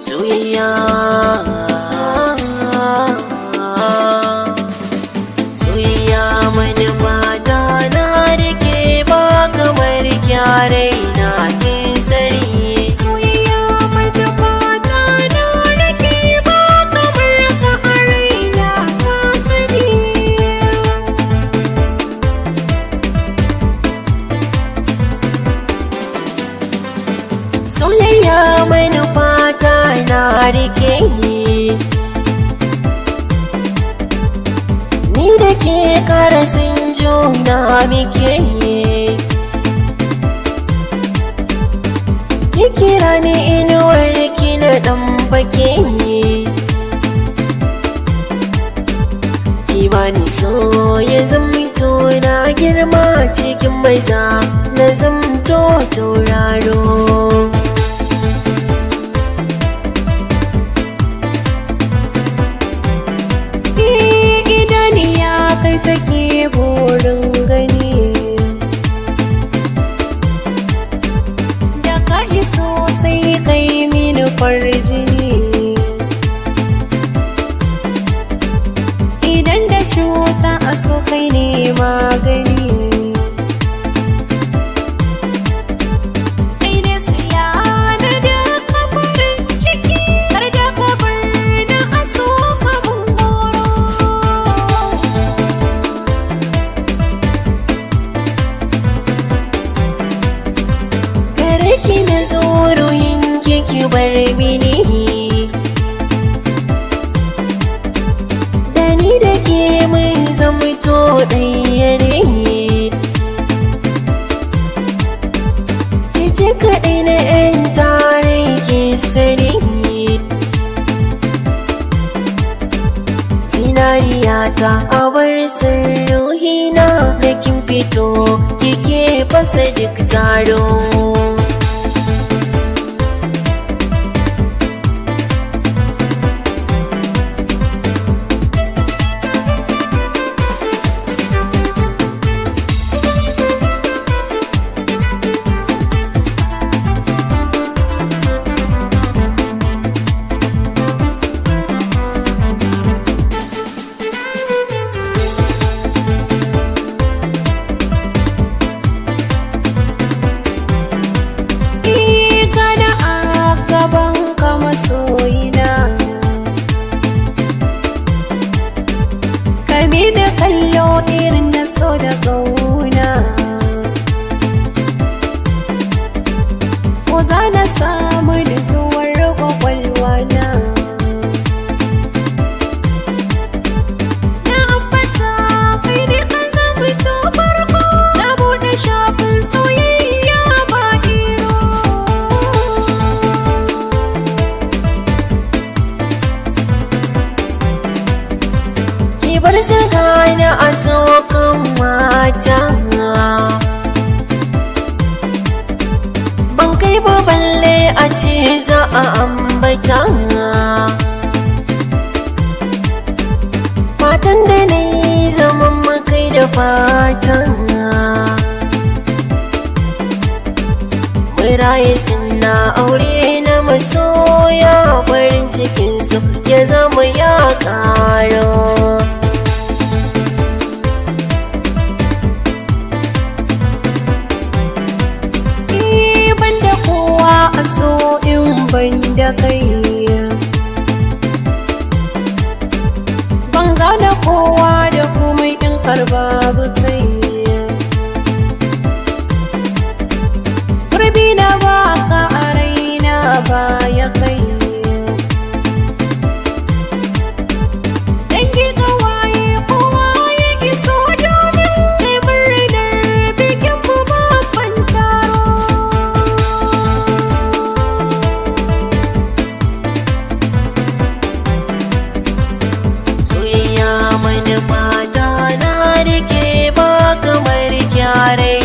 soyayya rike yi ni da ke karasin juna muke yi kikira ni inuwar kina dan bake yi ki bani so ya zamito na girma cikin mai zama sosai kai mini farjini idan da cuta a so kai ne magani ki na zo ki ki bar mini Dani da ke mun zamto ɗaya ne Ki ce kaɗai na ‘yan tare ki sani Zinariyata a bar sirruhina da kin fito kike fasa duk taro bar zagana a tsokan mata ban kai ba balle a ce za a ambata fatan da na yi zaman makai da fatan Biraye suna aure na masoya farin cikinsu ya zama ya ƙaro. Ban da kowa a so in ban da kai. Ban kowa body.